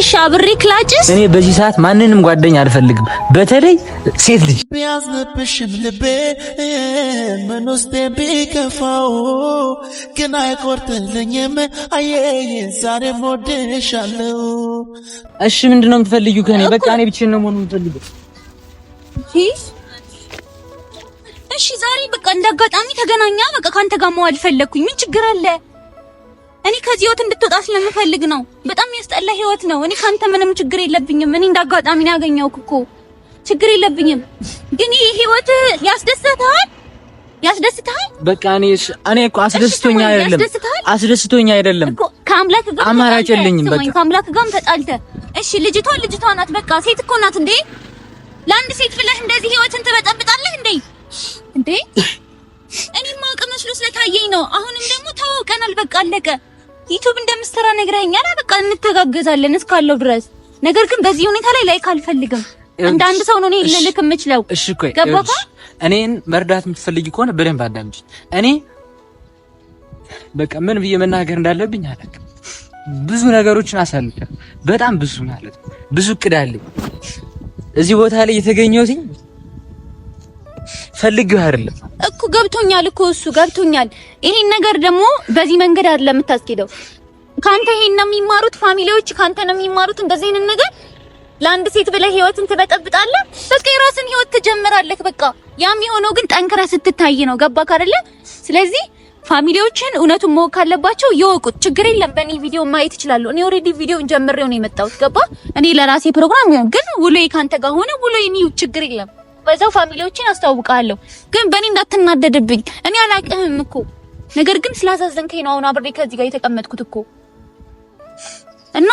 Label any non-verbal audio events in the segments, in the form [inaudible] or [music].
እሺ አብሬ ክላጭስ። እኔ በዚህ ሰዓት ማንንም ጓደኛ አልፈልግም፣ በተለይ ሴት ልጅ። ቢያዝንብሽም ልቤ ምን ውስጤ ቢከፋው ግን አይቆርጥልኝም። አየህ ዛሬ ሞድሻለሁ። እሺ ምንድነው የምትፈልጊው ከኔ? በቃ እኔ ብቻዬን ነው መሆን የምፈልገው። እሺ ዛሬ በቃ እንዳጋጣሚ ተገናኛ፣ በቃ ካንተ ጋር መዋል ፈለግኩኝ። ምን ችግር አለ? እኔ ከዚህ ህይወት እንድትወጣ ስለምፈልግ ነው። በጣም የሚያስጠላ ህይወት ነው። እኔ ካንተ ምንም ችግር የለብኝም። እኔ እንዳጋጣሚ ነው ያገኘው እኮ ችግር የለብኝም። ግን ይህ ህይወት ያስደስተሃል? ያስደስተሃል? በቃ እኔ እኔ እኮ አስደስቶኝ አይደለም አስደስቶኝ አይደለም እኮ ከአምላክ ጋር አማራጭ የለኝም። በቃ ከአምላክ ጋርም ተጣልተ እሺ፣ ልጅቷ ልጅቷ ናት። በቃ ሴት እኮ ናት እንዴ! ለአንድ ሴት ብለህ እንደዚህ ህይወትን ትበጠብጣለህ እንዴ? እንዴ እኔ ማውቅ መስሎ ስለታየኝ ነው። አሁንም ደግሞ ተዋውቀናል። በቃ አለቀ። ዩቲዩብ እንደምትሰራ ነግረኸኛል። በቃ እንተጋገዛለን እስካለው ድረስ። ነገር ግን በዚህ ሁኔታ ላይ ላይክ አልፈልግም። እንደ አንድ ሰው ነው እኔ ልልክ የምችለው። እሺ እኮ ገባህ? እኔን መርዳት የምትፈልጊ ከሆነ በደንብ አዳምጪ። እኔ በቃ ምን ብዬ መናገር እንዳለብኝ አላውቅም። ብዙ ነገሮችን አሳልፈን በጣም ብዙ ማለት ብዙ እቅድ አለኝ። እዚህ ቦታ ላይ የተገኘሁት ፈልጌው አይደለም እኮ ገብቶኛል እኮ እሱ ገብቶኛል። ይሄን ነገር ደግሞ በዚህ መንገድ አይደለም የምታስኬደው። ካንተ ይሄን ነው የሚማሩት ፋሚሊዎች፣ ካንተ ነው የሚማሩት እንደዚህ አይነት ነገር። ለአንድ ሴት ብለህ ህይወትን ትበጠብጣለህ። በቃ የራስን ህይወት ትጀምራለህ። በቃ ያም የሆነው ግን ጠንክረህ ስትታይ ነው። ገባክ አይደለ? ስለዚህ ፋሚሊዎችን እውነቱን ማወቅ ካለባቸው ይወቁት። ችግር የለም በእኔ ቪዲዮ ማየት ይችላሉ። እኔ ኦልሬዲ ቪዲዮን ጀምሬው ነው የመጣሁት። ገባ? እኔ ለራሴ ፕሮግራም ግን ውሎዬ ካንተ ጋር ሆነ ውሎዬ ነው። ችግር የለም በዛው ፋሚሊዎችን አስተዋውቃለሁ። ግን በእኔ እንዳትናደድብኝ። እኔ አላቅህም እኮ ነገር ግን ስላሳዘንከኝ ነው አሁን አብሬ ከዚህ ጋር የተቀመጥኩት እኮ እና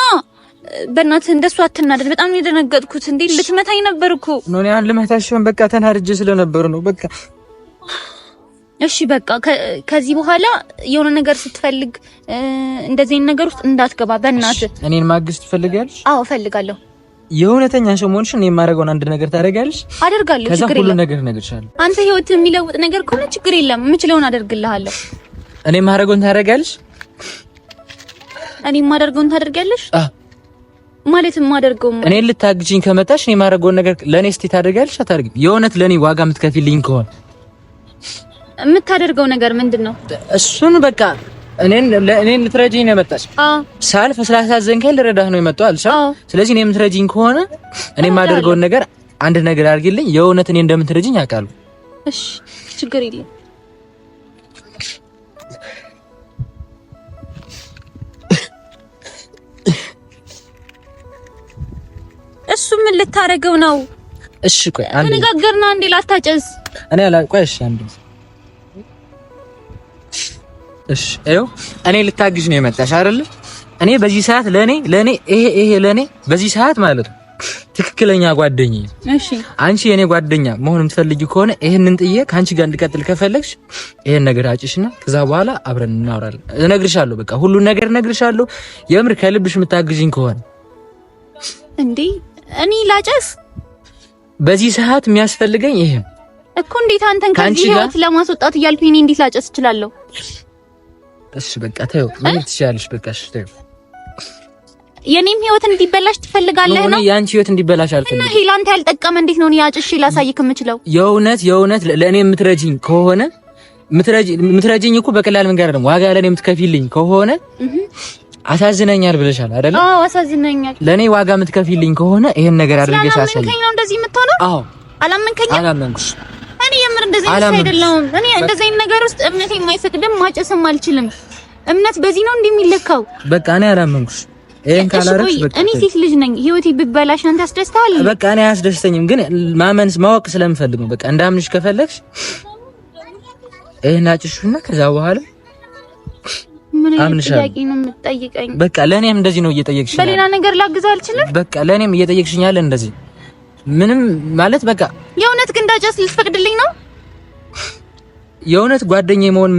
በእናትህ እንደሱ አትናደድ። በጣም ነው የደነገጥኩት። እንዴ ልትመታኝ ነበር እኮ ነው እኔ ልመታሽ። በቃ ተናድጄ ስለነበር ነው በቃ እሺ በቃ ከዚህ በኋላ የሆነ ነገር ስትፈልግ እንደዚህ ነገር ውስጥ እንዳትገባ በእናትህ። እኔን ማግስት ትፈልጋለሽ? አዎ እፈልጋለሁ። የእውነተኛ ሸሞንሽን የማደርገውን አንድ ነገር ታደርጋለሽ። አደርጋለሁ። ከዛ ሁሉ ነገር እነግርሻለሁ። አንተ ህይወት የሚለውጥ ነገር ከሆነ ችግር የለም፣ የምችለውን አደርግልሃለሁ። እኔ የማደርገውን ታደርጋለሽ። እኔ የማደርገውን ታደርጋለሽ ማለት የማደርገው እኔ ልታግጂኝ ከመጣሽ እኔ የማደርገውን ነገር ለእኔ እስቲ ታደርጋለሽ። አታደርግም? የእውነት ለእኔ ዋጋ የምትከፊልኝ ከሆነ የምታደርገው ነገር ምንድን ነው? እሱን በቃ እኔን ለእኔን ልትረጂኝ ነው የመጣሽ። ሳልፍ ስላሳዘንከኝ ልረዳህ ነው የመጣው አልሽ። አዎ። ስለዚህ እኔ የምትረጂኝ ከሆነ እኔ የማደርገውን ነገር አንድ ነገር አድርጊልኝ። የእውነት እኔ እንደምትረጂኝ አውቃለሁ። እሺ፣ ችግር የለም። እሱ ምን ልታረገው ነው? እሺ፣ ቆይ አንዴ ተነጋገርና አንዴ ላታጨስ እኔ አላ ቆይ፣ እሺ አንዴ እሺ ይኸው እኔ ልታግዥ ነው የመጣሽ አይደል? እኔ በዚህ ሰዓት ለኔ ለኔ ይሄ ይሄ ለኔ በዚህ ሰዓት ማለት ነው ትክክለኛ ጓደኝ። እሺ አንቺ የኔ ጓደኛ መሆን የምትፈልጊ ከሆነ ይሄንን ጥዬ ከአንቺ ጋር እንድቀጥል ከፈለግሽ ይሄን ነገር አጭሽና ከዛ በኋላ አብረን እናወራለን። እነግርሻለሁ፣ በቃ ሁሉን ነገር እነግርሻለሁ። የምር ከልብሽ የምታግዥኝ ከሆነ እንዴ እኔ ላጨስ በዚህ ሰዓት የሚያስፈልገኝ ይሄ እኮ። እንዴት አንተን ከዚህ ህይወት ለማስወጣት እያልኩኝ እኔ እንዴት ላጨስ እችላለሁ? እሺ በቃ ተይው። ምን ትችያለሽ? በቃ እሺ ተይው። የኔም ህይወት እንዲበላሽ ትፈልጋለህ ነው? የአንቺ ህይወት እንዲበላሽ አልፈልግም። እና ሄላንተ ያልጠቀመ እንዴት ነው ያጭሽ ላሳይክ የምችለው? የእውነት የእውነት ለእኔ የምትረጂኝ ከሆነ ምትረጂኝ እኮ በቀላል መንገድ አይደለም። ዋጋ ለእኔ የምትከፊልኝ ከሆነ አሳዝነኛል ብለሻል አይደል? አዎ አሳዝነኛል። ለእኔ ዋጋ የምትከፊልኝ ከሆነ ይሄን ነገር አድርገሽ አሳይኝ። ስላላመንከኝ ነው እንደዚህ የምትሆነው? አዎ አላመንከኝም። አላመንኩሽ እንደዚህ አይደለም። እኔ እንደዚህ አይነት ነገር ውስጥ እምነት የማይፈቅድም ማጨስም አልችልም። እምነት በዚህ ነው እንደሚለካው። በቃ እኔ አላመንኩሽ። ይሄን ካላረክሽ በቃ እኔ ሴት ልጅ ነኝ። ህይወቴ ቢበላሽ አንተ አስደስተሃል። በቃ እኔ አያስደስተኝም፣ ግን ማመንስ ማወቅ ስለምፈልግ ነው። በቃ እንዳምንሽ ከፈለግሽ ይሄን አጭሽውና ከዛ በኋላ በቃ ለእኔም እንደዚህ ነው እየጠየቅሽኝ። በሌላ ነገር ላግዛ አልችልም። በቃ ለእኔም እየጠየቅሽኛል እንደዚህ ምንም ማለት በቃ የእውነት ግን እንዳጨስ ልትፈቅድልኝ ነው? የእውነት ጓደኛ መሆን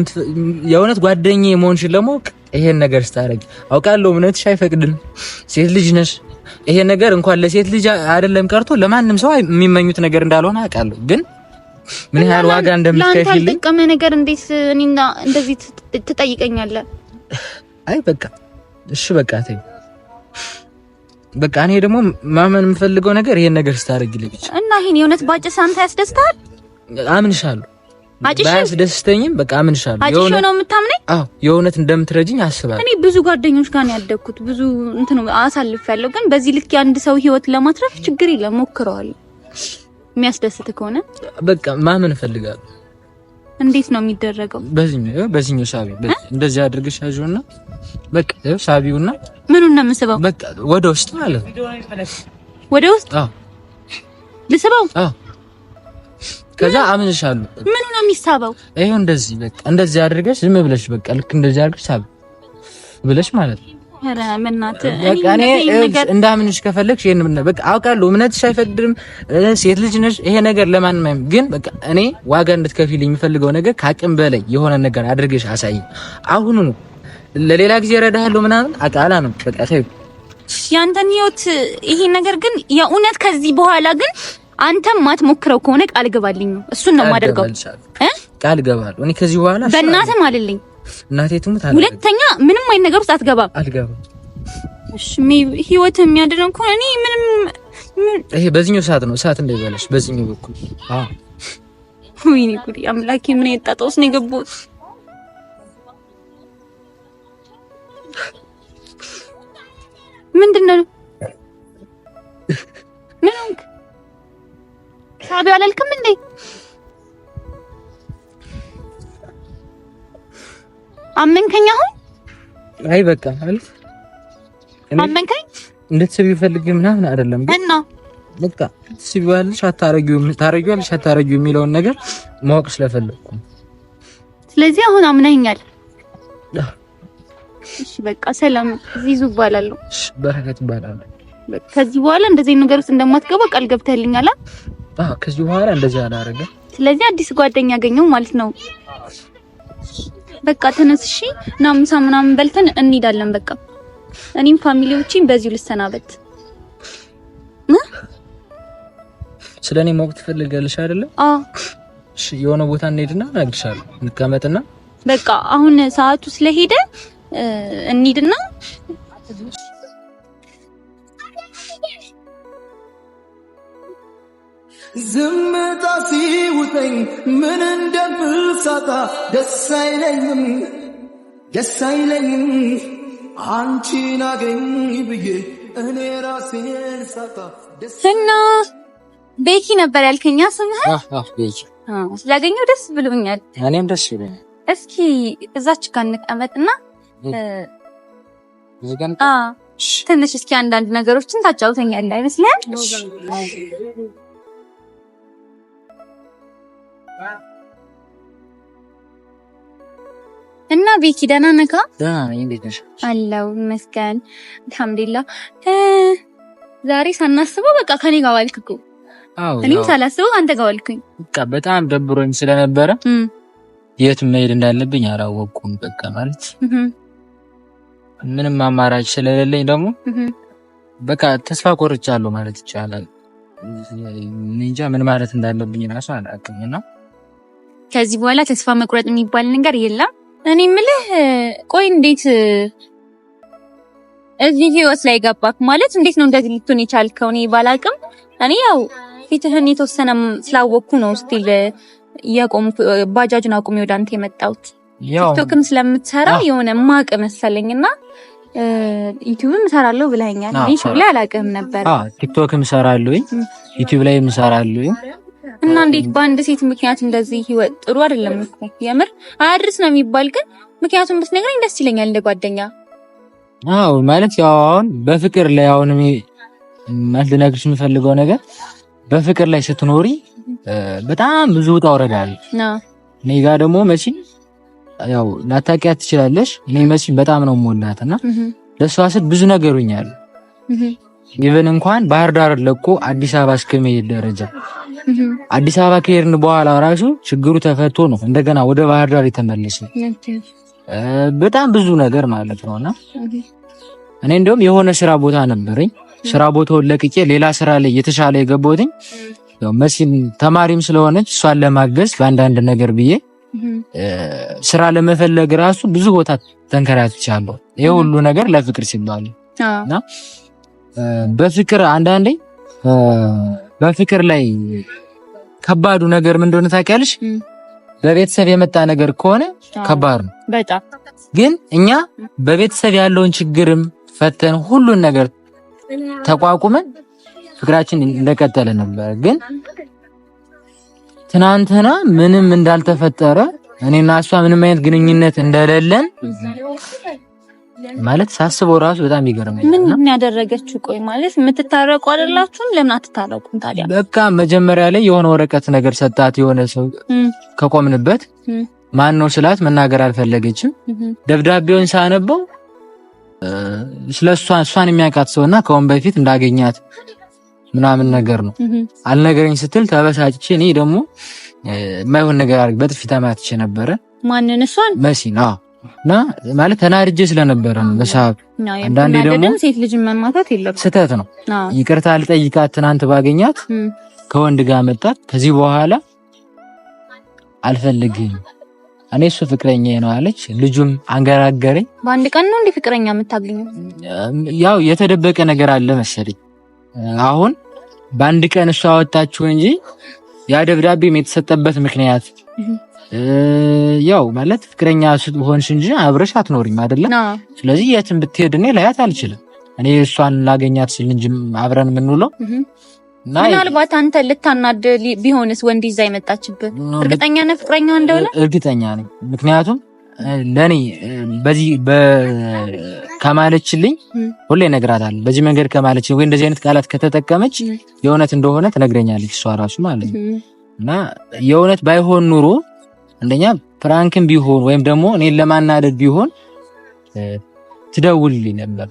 የእውነት ጓደኛ መሆንሽን ለማወቅ ይሄን ነገር ስታረግ አውቃለሁ። እምነትሽ አይፈቅድም፣ ሴት ልጅ ነሽ። ይሄ ነገር እንኳን ለሴት ልጅ አይደለም ቀርቶ ለማንም ሰው የሚመኙት ነገር እንዳልሆነ አውቃለሁ። ግን ምን ያህል ዋጋ እንደምትከፍል ለቀመ ነገር እንዴት እኔና እንደዚህ ትጠይቀኛለህ? አይ በቃ እሺ በቃ ተይ በቃ እኔ ደግሞ ማመን የምፈልገው ነገር ይሄን ነገር ስታረግልኝ ልጅ እና ይሄን የእውነት ባጭ ሳንታ ያስደስታል። አምንሻለሁ ባያስደስተኝም በቃ አምንሻለሁ። አጭሽ ነው የምታምነኝ? አዎ የእውነት እንደምትረጅኝ አስባለሁ። እኔ ብዙ ጓደኞች ጋር ነው ያደግኩት፣ ብዙ እንትን ያለው ግን በዚህ ልክ የአንድ ሰው ህይወት ለማትረፍ ችግር የለም ሞክረዋለሁ። የሚያስደስት ከሆነ በቃ ማመን እፈልጋለሁ። እንዴት ነው የሚደረገው? በዚህኛው በዚህኛው ሳቢ እንደዚህ አድርገሽ ያዥውና በቃ ሳቢውና ምኑን ነው የምስበው? በቃ ወደ ውስጥ ማለት ወደ ውስጥ አዎ፣ ልስበው ከዛ አምንሻለሁ። ምን ነው የሚሳበው? ይሄው እንደዚህ በቃ እንደዚህ አድርገሽ ዝም ብለሽ በቃ ልክ እንደዚህ አድርገሽ ሳብ ብለሽ ማለት ነው። ምናት እኔ እንዳምንሽ ከፈለግሽ ይሄን በቃ አውቃለሁ፣ እምነትሽ አይፈቅድም፣ ሴት ልጅ ነሽ። ይሄ ነገር ለማንም ግን በቃ እኔ ዋጋ እንድትከፊልኝ የሚፈልገው ነገር ከአቅም በላይ የሆነ ነገር አድርገሽ አሳይ። አሁኑ ነው ለሌላ ጊዜ እረዳሃለሁ ምናምን አቃላ ነው በቃ ያንተን ህይወት ይሄ ነገር ግን የእውነት ከዚህ በኋላ ግን አንተም ማትሞክረው ከሆነ ቃል ገባልኝ ነው። እሱን ነው የማደርገው። ቃል ገባለሁ። እኔ ከዚህ በኋላ በእናትህ አልልኝ። እናቴ ትሙት፣ ሁለተኛ ምንም አይነት ነገር ውስጥ አትገባም። አልገባም። እሺ ሚ ህይወት የሚያድነው ከሆነ እኔ ምንም ይሄ በዚህኛው ሰዓት ነው ሰዓት እንዳይበላሽ፣ በዚህኛው በኩል አዎ። ወይኔ ጉድ አምላኬ፣ ምን የጣጣውስ ነው የገባሁት? ምንድን ነው ምን ሆንክ? ሳቢው አላልክም እንዴ? አመንከኝ? አሁን አይ በቃ አልፍ አመንከኝ። እንድትስቢው ፈልጌ ምናምን አይደለም እና በቃ ትስቢዋለሽ አታረጊውም፣ ታረጊዋለሽ አታረጊውም የሚለውን ነገር ማወቅ ስለፈለግኩ ስለዚህ አሁን አምነኛል። እሺ በቃ ሰላም። ዚዙ እባላለሁ። በረከት እባላለሁ። ከዚህ በኋላ እንደዚህ ነገር ውስጥ እንደማትገባ ቃል ገብተልኛል ገብተህልኛል። ከዚህ በኋላ እንደዚህ አላደርግም። ስለዚህ አዲስ ጓደኛ ያገኘው ማለት ነው። በቃ ተነስሺ ና ምሳ ምናምን በልተን እንሄዳለን። በቃ እኔም ፋሚሊዎቼን በዚሁ ልሰናበት። ስለኔ ማወቅ ትፈልጋለሽ አይደለ? አዎ። እሺ፣ የሆነ ቦታ እንሄድና እናግርሻለሁ። እንቀመጥና በቃ አሁን ሰዓቱ ስለሄደ እንሂድና ዝምታ ሲውጠኝ ምን እንደምል ሳጣ ደስ አይለኝም ደስ አይለኝም አንቺን አገኝ ብዬ እኔ ራሴን ሳጣ እና ቤኪ ነበር ያልከኛ ስምህ? ቤኪ ስላገኘው ደስ ብሎኛል። እኔም ደስ ብሎኛል። እስኪ እዛች ጋር እንቀመጥና ትንሽ እስኪ አንዳንድ ነገሮችን ታጫውተኛለህ አይመስለን ቤኪ ደህና ነህ? ደህና ነኝ። እንዴት ነሽ? አለሁ ይመስገን፣ አልሐምዱሊላህ። ዛሬ ሳናስበው በቃ ከኔ ጋር ዋልክ እኮ። እኔም ሳላስበው አንተ ጋር ዋልኩኝ። በቃ በጣም ደብሮኝ ስለነበረ የት መሄድ እንዳለብኝ አላወቅኩም። በቃ ማለት ምንም አማራጭ ስለሌለኝ ደግሞ በቃ ተስፋ ቆርጫለሁ ማለት ይቻላል። እንጃ ምን ማለት እንዳለብኝ ራሱ አላውቅም እና ከዚህ በኋላ ተስፋ መቁረጥ የሚባል ነገር የለም። እኔ ምልህ ቆይ እንዴት እዚህ ህይወት ላይ ገባክ? ማለት እንዴት ነው እንደዚህ ልትሆን የቻልከው? እኔ ባላቅም፣ እኔ ያው ፊትህን የተወሰነ ስላወቅኩ ነው ስቲል የቆምኩ ባጃጅን አቁሜ ወደ አንተ የመጣሁት። ቲክቶክም ስለምትሰራ የሆነ ማቅ መሰለኝና ዩቲዩብም እሰራለሁ ብለኛል። እኔ ላይ አላቅም ነበር። ቲክቶክም እሰራለሁኝ ዩቲዩብ ላይም እሰራለሁኝ እና እንዴት በአንድ ሴት ምክንያት እንደዚህ ህይወት ጥሩ አይደለም እኮ የምር አያድርስ ነው የሚባል። ግን ምክንያቱም ብትነግረኝ ደስ ይለኛል እንደ ጓደኛ። አዎ ማለት ያው አሁን በፍቅር ላይ አሁን ማለት ልነግርሽ የምፈልገው ነገር በፍቅር ላይ ስትኖሪ በጣም ብዙ ውጣ ውረድ አለ። እኔ ጋር ደግሞ መሲን ያው ላታውቂያት ትችላለሽ። እኔ መሲን በጣም ነው የምወዳት እና ለእሷ ስል ብዙ ነገሩኛል። ኢቨን እንኳን ባህር ዳር ለቆ አዲስ አበባ እስከመሄድ ደረጃ አዲስ አበባ ከሄድን በኋላ ራሱ ችግሩ ተፈቶ ነው እንደገና ወደ ባህር ዳር የተመለሰ በጣም ብዙ ነገር ማለት እና እኔ እንደውም የሆነ ስራ ቦታ ነበረኝ። ስራ ቦታውን ለቅቄ ሌላ ስራ ላይ የተሻለ የገባትኝ መሲን ተማሪም ስለሆነች እሷን ለማገዝ በአንዳንድ ነገር ብዬ ስራ ለመፈለግ ራሱ ብዙ ቦታ ተንከራትቻለሁ። ይህ ሁሉ ነገር ለፍቅር ሲባል እና በፍቅር አንዳንዴ በፍቅር ላይ ከባዱ ነገር ምን እንደሆነ ታውቂያለሽ? በቤተሰብ የመጣ ነገር ከሆነ ከባድ ነው በጣም ግን እኛ በቤተሰብ ያለውን ችግርም ፈተን ሁሉን ነገር ተቋቁመን ፍቅራችን እንደቀጠለ ነበር። ግን ትናንትና ምንም እንዳልተፈጠረ እኔና እሷ ምንም አይነት ግንኙነት እንደሌለን ማለት ሳስበው ራሱ በጣም ይገርመኝ። ምን ያደረገችው? ቆይ ማለት የምትታረቁ አይደላችሁም? ለምን አትታረቁም ታዲያ? በቃ መጀመሪያ ላይ የሆነ ወረቀት ነገር ሰጣት። የሆነ ሰው ከቆምንበት ማን ነው ስላት መናገር አልፈለገችም። ደብዳቤውን ሳነበው ስለ እሷን የሚያውቃት ሰውና ከአሁን በፊት እንዳገኛት ምናምን ነገር ነው አልነገረኝ ስትል ተበሳጭቼ፣ እኔ ደግሞ የማይሆን ነገር በጥፊ ተማትቼ ነበረ። ማንን? እሷን መሲን እና ማለት ተናድጄ ስለነበረ ነው በሰዓቱ። አንዳንዴ ደግሞ ሴት ልጅ መማታት የለም ስህተት ነው። ይቅርታ ልጠይቃት ትናንት ባገኛት ከወንድ ጋር መጣት። ከዚህ በኋላ አልፈልግም እኔ እሱ ፍቅረኛ ነው አለች። ልጁም አንገራገረኝ። በአንድ ቀን ነው እንደ ፍቅረኛ የምታገኘው? ያው የተደበቀ ነገር አለ መሰለኝ። አሁን በአንድ ቀን እሱ አወጣችሁ እንጂ ያ ደብዳቤም የተሰጠበት ምክንያት ያው ማለት ፍቅረኛ ሆንሽ እንጂ አብረሽ አትኖሪም አይደለ? ስለዚህ የትም ብትሄድ እኔ ላያት አልችልም። እኔ እሷን ላገኛት ስል እንጂ አብረን የምንውለው ምናልባት አንተ ልታናድ ቢሆንስ ወንድ ይዛ የመጣችብህ እርግጠኛ ነህ? ፍቅረኛ እንደሆነ እርግጠኛ ነኝ። ምክንያቱም ለኔ በዚህ ከማለችልኝ ሁሌ እነግራታለሁ። በዚህ መንገድ ከማለችልኝ ወይ እንደዚህ አይነት ቃላት ከተጠቀመች የእውነት እንደሆነ ትነግረኛለች እሷ ራሱ ማለት ነው እና የእውነት ባይሆን ኑሮ አንደኛ ፕራንክን ቢሆን ወይም ደግሞ እኔን ለማናደድ ቢሆን ትደውልልኝ ነበር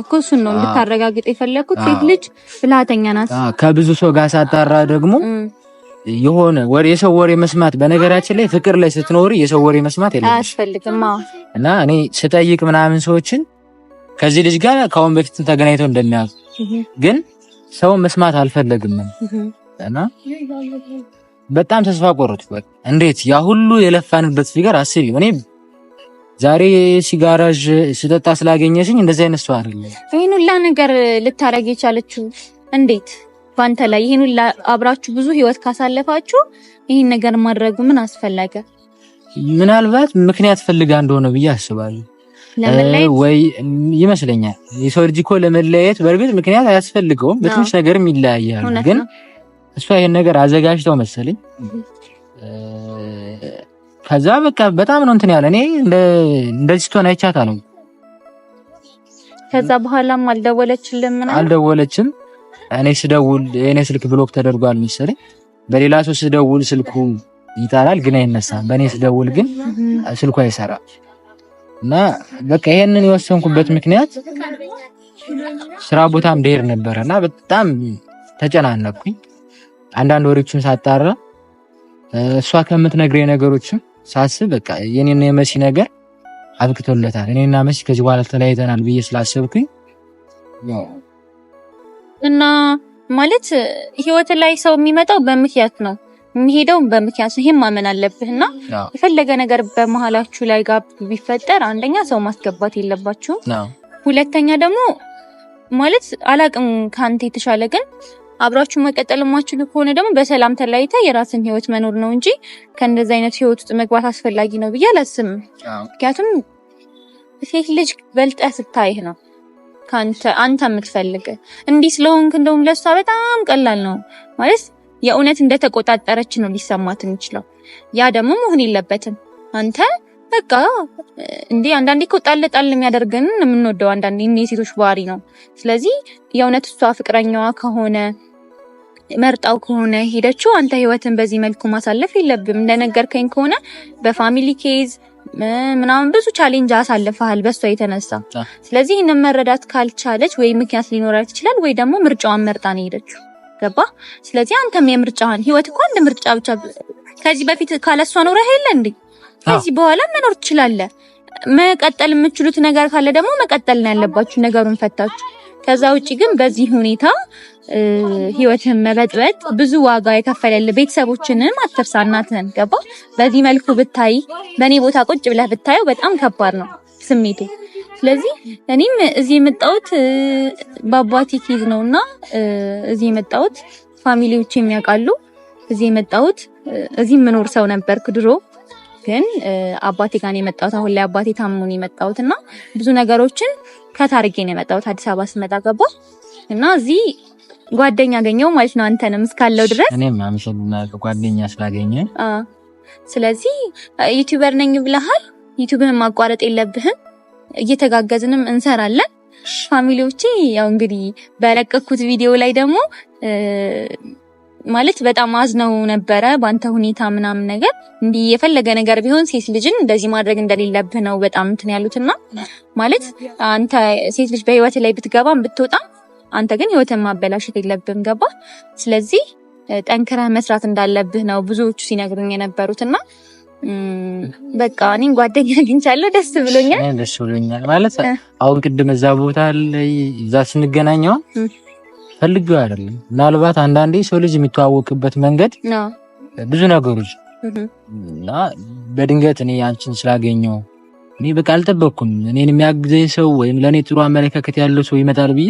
እኮ እሱን ነው እንድታረጋግጥ የፈለግኩት። ሴት ልጅ ብልሃተኛ ናት። ከብዙ ሰው ጋር ሳጣራ ደግሞ የሆነ ወሬ የሰው ወሬ መስማት፣ በነገራችን ላይ ፍቅር ላይ ስትኖሪ የሰው ወሬ መስማት አያስፈልግም። እና እኔ ስጠይቅ ምናምን ሰዎችን ከዚህ ልጅ ጋር ከአሁን በፊት ተገናኝተው እንደሚያውቁ ግን ሰውን መስማት አልፈለግም እና በጣም ተስፋ ቆረጥኩ። በቃ እንዴት ያ ሁሉ የለፋንበት ፊገር አስቢ። እኔ ዛሬ ሲጋራዥ ስጠጣ ስላገኘሽኝ እንደዚህ አይነት ሰው አይደለም። ይሄን ሁላ ነገር ልታረግ የቻለችው እንዴት ባንተ ላይ ይሄን ሁላ አብራችሁ ብዙ ህይወት ካሳለፋችሁ ይሄን ነገር ማድረጉ ምን አስፈለገ? ምናልባት ምክንያት ፈልጋ እንደሆነ ብዬ አስባለሁ። ወይ ይመስለኛል። የሰው ልጅ እኮ ለመለያየት በእርግጥ ምክንያት አያስፈልገውም። በትንሽ ነገርም ይለያያሉ ግን እሷ ይሄን ነገር አዘጋጅተው መሰለኝ። ከዛ በቃ በጣም ነው እንትን ያለ እኔ እንደዚህ ስትሆን አይቻት አለው። ከዛ በኋላም አልደወለችልም ምናምን አልደወለችም። እኔ ስደውል የኔ ስልክ ብሎክ ተደርጓል መሰለኝ። በሌላ ሰው ስደውል ስልኩ ይጠራል ግን አይነሳም። በእኔ ስደውል ግን ስልኩ አይሰራም። እና በቃ ይሄንን የወሰንኩበት ምክንያት ስራ ቦታም ደሄድ ነበረ እና በጣም ተጨናነኩኝ። አንዳንድ ወሬዎችን ሳጣራ እሷ ከምትነግረኝ ነገሮችም ሳስብ በቃ የኔና የመሲ ነገር አብቅቶለታል። እኔና መሲ ከዚህ በኋላ ተለያይተናል ብዬ ስላሰብኩኝ እና ማለት ህይወት ላይ ሰው የሚመጣው በምክንያት ነው የሚሄደውም በምክንያት ይህም ማመን አለብህ። እና የፈለገ ነገር በመሀላችሁ ላይ ጋብ ቢፈጠር አንደኛ ሰው ማስገባት የለባችሁም። ሁለተኛ ደግሞ ማለት አላቅም ከአንተ የተሻለ ግን አብራችሁ መቀጠል የማችሉ ከሆነ ደግሞ በሰላም ተለያይተ የራስን ህይወት መኖር ነው እንጂ ከእንደዚህ አይነት ህይወት ውስጥ መግባት አስፈላጊ ነው ብዬ አላስብም። ምክንያቱም ሴት ልጅ በልጠህ ስታይህ ነው ከአንተ አንተ የምትፈልግ እንዲህ ስለሆንክ እንደውም ለሷ በጣም ቀላል ነው ማለት የእውነት እንደተቆጣጠረች ነው ሊሰማት የሚችለው። ያ ደግሞ መሆን የለበትም። አንተ በቃ እንዴ አንዳንዴ እኮ ጣል ጣል የሚያደርገን የምንወደው አንዳንዴ የሴቶች ባህሪ ነው። ስለዚህ የእውነት እሷ ፍቅረኛዋ ከሆነ መርጣው ከሆነ ሄደችው አንተ ህይወትን በዚህ መልኩ ማሳለፍ የለብም። እንደነገርከኝ ከሆነ በፋሚሊ ኬዝ ምናምን ብዙ ቻሌንጅ አሳልፈሃል በሷ የተነሳ። ስለዚህ ይህንን መረዳት ካልቻለች ወይ ምክንያት ሊኖራት ይችላል ወይ ደግሞ ምርጫዋን መርጣ ነው ሄደችው። ገባ? ስለዚህ አንተም የምርጫህን ህይወት እኮ አንድ ምርጫ ብቻ ከዚህ በፊት ካለሷ ኖረህ የለ እንዴ? ከዚህ በኋላ መኖር ትችላለህ። መቀጠል የምችሉት ነገር ካለ ደግሞ መቀጠል ነው ያለባችሁ፣ ነገሩን ፈታችሁ። ከዛ ውጪ ግን በዚህ ሁኔታ ህይወትን መበጥበጥ ብዙ ዋጋ የከፈለል ቤተሰቦችንም አትርሳ። እናትህን ገባ በዚህ መልኩ ብታይ በእኔ ቦታ ቁጭ ብለህ ብታየው በጣም ከባድ ነው ስሜቴ። ስለዚህ እኔም እዚህ የመጣሁት በአባቴ ኬዝ ነውና እዚህ የመጣሁት ፋሚሊዎች የሚያውቃሉ። እዚህ የመጣሁት እዚህ የምኖር ሰው ነበርክ ድሮ ግን አባቴ ጋር ነው የመጣሁት። አሁን ላይ አባቴ ታሙን ነው የመጣሁት እና ብዙ ነገሮችን ከታርጌ ነው የመጣሁት። አዲስ አበባ ስመጣ ገባ እና እዚህ ጓደኛ አገኘው ማለት ነው። አንተንም እስካለው ድረስ እኔም አመሰግናለሁ ጓደኛ ስላገኘ። ስለዚህ ዩቲዩበር ነኝ ብለሃል። ዩቲዩብን ማቋረጥ የለብህም። እየተጋገዝንም እንሰራለን። ፋሚሊዎቼ ያው እንግዲህ በለቀኩት ቪዲዮ ላይ ደግሞ ማለት በጣም አዝነው ነበረ በአንተ ሁኔታ ምናምን ነገር እንዲህ የፈለገ ነገር ቢሆን ሴት ልጅን እንደዚህ ማድረግ እንደሌለብህ ነው በጣም እንትን ያሉትና ማለት አንተ ሴት ልጅ በህይወት ላይ ብትገባም ብትወጣም አንተ ግን ህይወትን ማበላሸት የለብህም ገባ ስለዚህ ጠንክረህ መስራት እንዳለብህ ነው ብዙዎቹ ሲነግሩኝ የነበሩትና በቃ እኔም ጓደኛ አግኝቻለሁ። ደስ ብሎኛል። ደስ ብሎኛል ማለት አሁን ቅድም እዛ ቦታ ላይ እዛ ስንገናኘው ፈልጌው አይደለም። ምናልባት አንዳንዴ ሰው ልጅ የሚተዋወቅበት መንገድ ብዙ ነገሮች እና በድንገት እኔ አንቺን ስላገኘው እኔ በቃ አልጠበቅኩም። እኔን የሚያግዘኝ ሰው ወይም ለእኔ ጥሩ አመለካከት ያለው ሰው ይመጣል ብዬ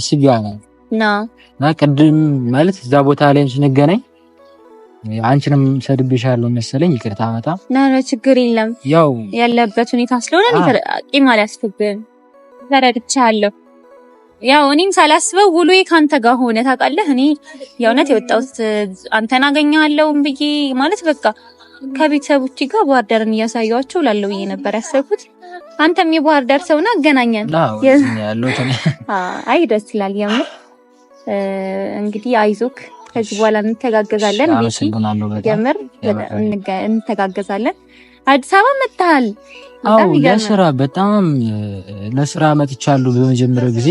አስቤው እና ቅድም ማለት እዛ ቦታ ላይም ስንገናኝ አንቺንም ሰድብሻለሁ መሰለኝ። ይቅርታ መጣ። ነው። ችግር የለም ያው ያለበት ሁኔታ ስለሆነ ቂም አልያዝኩብህም። ተረድቻለሁ። ያው እኔም ሳላስበው ውሎዬ ካንተ ጋር ሆነ ታውቃለህ። እኔ የእውነት የወጣሁት አንተን አገኘዋለሁም ብዬ ማለት በቃ ከቤተሰቦች ጋር ባህር ዳርን እያሳየኋቸው ላለው ብዬ ነበር ያሰብኩት። አንተም የባህር ዳር ሰው ነህ፣ አገናኘን። አይ ደስ ይላል የምር እንግዲህ አይዞክ ከዚህ በኋላ እንተጋገዛለን። የምር እንተጋገዛለን። አዲስ አበባ መጥተሃል። አዎ ለስራ በጣም ለስራ መጥቻለሁ። በመጀመሪያው ጊዜ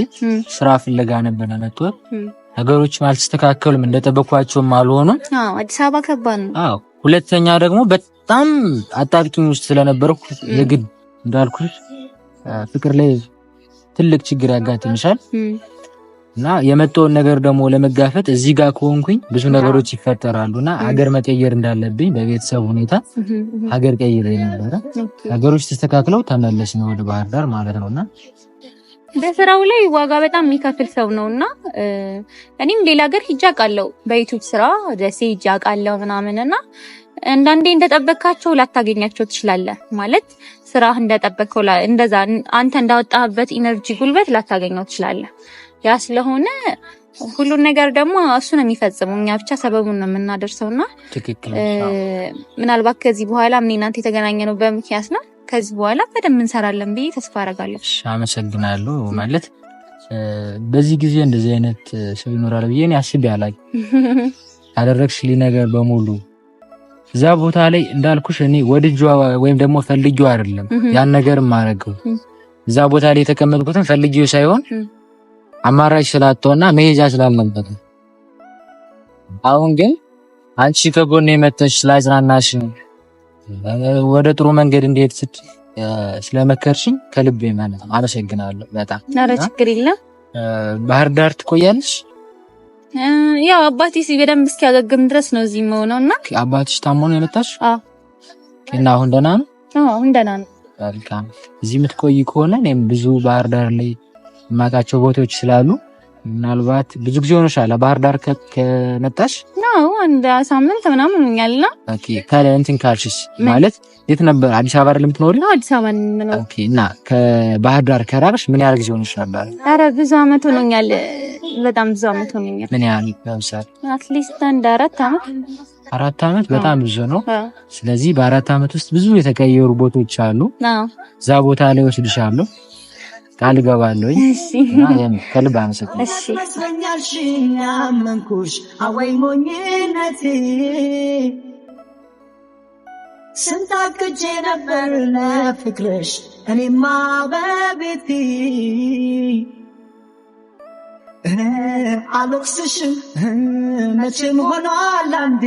ስራ ፍለጋ ነበር መጥቶ ነገሮችም አልተስተካከሉም እንደጠበኳቸውም አልሆኑም። አዎ አዲስ አበባ ከባድ ነው። አዎ ሁለተኛ ደግሞ በጣም አጣብቂኝ ውስጥ ስለነበርኩ የግድ እንዳልኩ ፍቅር ላይ ትልቅ ችግር ያጋጥምሻል። እና የመጣውን ነገር ደግሞ ለመጋፈጥ እዚህ ጋር ከሆንኩኝ ብዙ ነገሮች ይፈጠራሉ እና ሀገር መቀየር እንዳለብኝ በቤተሰብ ሁኔታ ሀገር ቀይሬ ነበረ። ነገሮች ተስተካክለው ነው ወደ ባህር ዳር ማለት ነው እና በስራው ላይ ዋጋ በጣም የሚከፍል ሰው ነው እና እኔም ሌላ ሀገር ሂጃ አውቃለሁ። በዩቱብ ስራ ደሴ ሂጄ አውቃለሁ ምናምን እና አንዳንዴ እንደጠበካቸው ላታገኛቸው ትችላለህ። ማለት ስራህ እንደጠበከው እንደዛ አንተ እንዳወጣህበት ኢነርጂ ጉልበት ላታገኘው ትችላለህ። ያ ስለሆነ ሁሉን ነገር ደግሞ እሱ ነው የሚፈጽመው። እኛ ብቻ ሰበቡን ነው የምናደርሰው እና ምናልባት ከዚህ በኋላ ምን እናንተ ነው በምክንያት ነው። ከዚህ በኋላ በደንብ እንሰራለን ብዬ ተስፋ አደርጋለሁ። አመሰግናለሁ። ማለት በዚህ ጊዜ እንደዚህ አይነት ሰው ይኖራል ብዬ አስቤ አላውቅም። [laughs] ያደረግሽልኝ ነገር በሙሉ እዛ ቦታ ላይ እንዳልኩሽ እኔ ወድጇ ወይም ደግሞ ፈልጌው አይደለም ያን ነገር ማድረገው እዛ ቦታ ላይ የተቀመጥኩትን ፈልጌው ሳይሆን አማራጭ ስላተውና መሄጃ ስላልነበረ አሁን ግን አንቺ ከጎን የመተሽ ስላዝናናሽ ወደ ጥሩ መንገድ እንዴት ስት ስለመከርሽኝ ከልቤ ማለት ነው አመሰግናለሁ። በጣም ኧረ ችግር የለም። ባህር ዳር ትቆያለሽ? ያው አባቴ ሲ በደንብ እስኪያገግም ድረስ ነው እዚህ የምሆነው እና አባትሽ ታሞ ነው የመጣሽ? እና አሁን ደህና ነው? አሁን ደህና ነው። በጣም እዚህ የምትቆይ ከሆነ እኔም ብዙ ባህር ዳር ላይ የማውቃቸው ቦታዎች ስላሉ ምናልባት ብዙ ጊዜ ሆኖሻል ባህር ዳር ከመጣሽ? አዎ አንድ ሳምንት ምናምን ሆኛል። ከለ እንትን ካልሽስ ማለት የት ነበር? አዲስ አበባ አይደለም የምትኖሪው? አዲስ አበባ ነው። እና ከባህር ዳር ከራቅሽ ምን ያህል ጊዜ ሆነሽ ነበር? ኧረ ብዙ አመት ሆኖኛል። በጣም ብዙ አመት ሆኖኛል። ምን ያህል ለምሳሌ? አትሊስት አንድ አራት አመት አራት አመት በጣም ብዙ ነው። ስለዚህ በአራት አመት ውስጥ ብዙ የተቀየሩ ቦታዎች አሉ። እዛ ቦታ ላይ ወስድሻለሁ ቃል ገባለሁ። ከልብ አመሰግናለሁ። ያመንኩሽ አወይ ሞኝነቴ ስንት ነበር ለፍቅርሽ እኔማ በቤቴ አልወቅስሽም መቼም ሆኖ አላንዴ